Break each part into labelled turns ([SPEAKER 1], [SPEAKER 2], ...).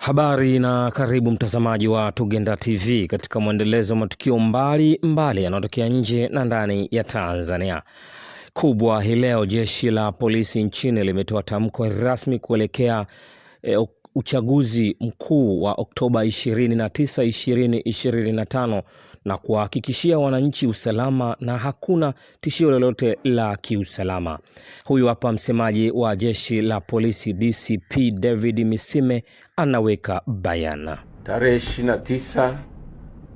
[SPEAKER 1] Habari na karibu mtazamaji wa Tugenda TV katika mwendelezo wa matukio mbalimbali yanayotokea nje na ndani ya Tanzania. Kubwa hii leo, jeshi la polisi nchini limetoa tamko rasmi kuelekea eh, uchaguzi mkuu wa Oktoba 29, 2025 na kuwahakikishia wananchi usalama na hakuna tishio lolote la kiusalama. Huyu hapa msemaji wa jeshi la polisi DCP David Misime anaweka bayana.
[SPEAKER 2] Tarehe 29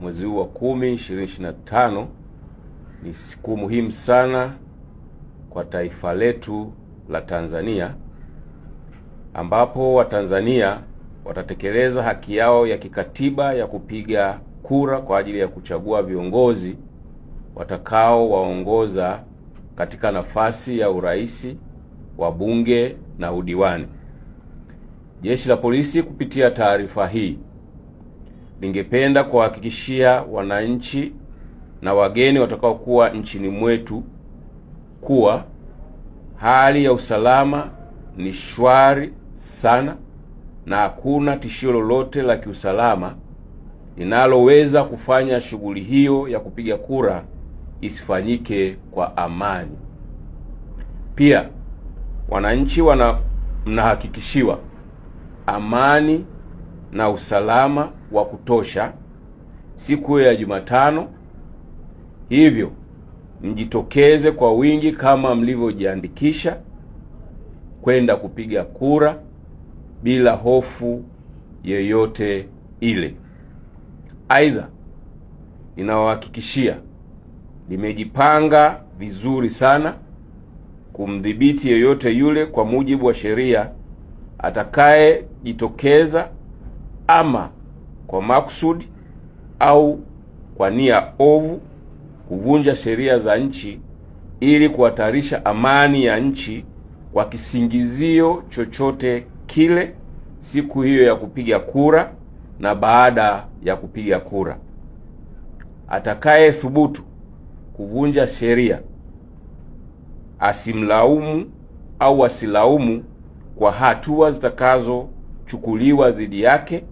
[SPEAKER 2] mwezi huu wa 10 2025 ni siku muhimu sana kwa taifa letu la Tanzania ambapo Watanzania watatekeleza haki yao ya kikatiba ya kupiga kura kwa ajili ya kuchagua viongozi watakaowaongoza katika nafasi ya urais, wabunge na udiwani. Jeshi la Polisi kupitia taarifa hii lingependa kuwahakikishia wananchi na wageni watakaokuwa nchini mwetu kuwa hali ya usalama ni shwari sana na hakuna tishio lolote la kiusalama linaloweza kufanya shughuli hiyo ya kupiga kura isifanyike kwa amani. Pia wananchi wana mnahakikishiwa amani na usalama wa kutosha siku ya Jumatano, hivyo mjitokeze kwa wingi kama mlivyojiandikisha kwenda kupiga kura bila hofu yeyote ile. Aidha, ninawahakikishia limejipanga vizuri sana kumdhibiti yeyote yule kwa mujibu wa sheria atakayejitokeza ama kwa makusudi au kwa nia ovu kuvunja sheria za nchi ili kuhatarisha amani ya nchi kwa kisingizio chochote kile siku hiyo ya kupiga kura na baada ya kupiga kura. Atakaye thubutu kuvunja sheria asimlaumu au asilaumu kwa hatua zitakazochukuliwa dhidi yake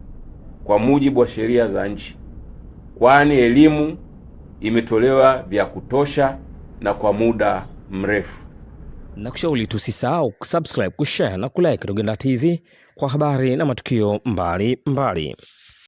[SPEAKER 2] kwa mujibu wa sheria za nchi, kwani elimu imetolewa vya kutosha na kwa muda mrefu
[SPEAKER 1] kushauri tusisahau kusubscribe, kushare na kulike Dogenda TV kwa habari na matukio mbali mbali.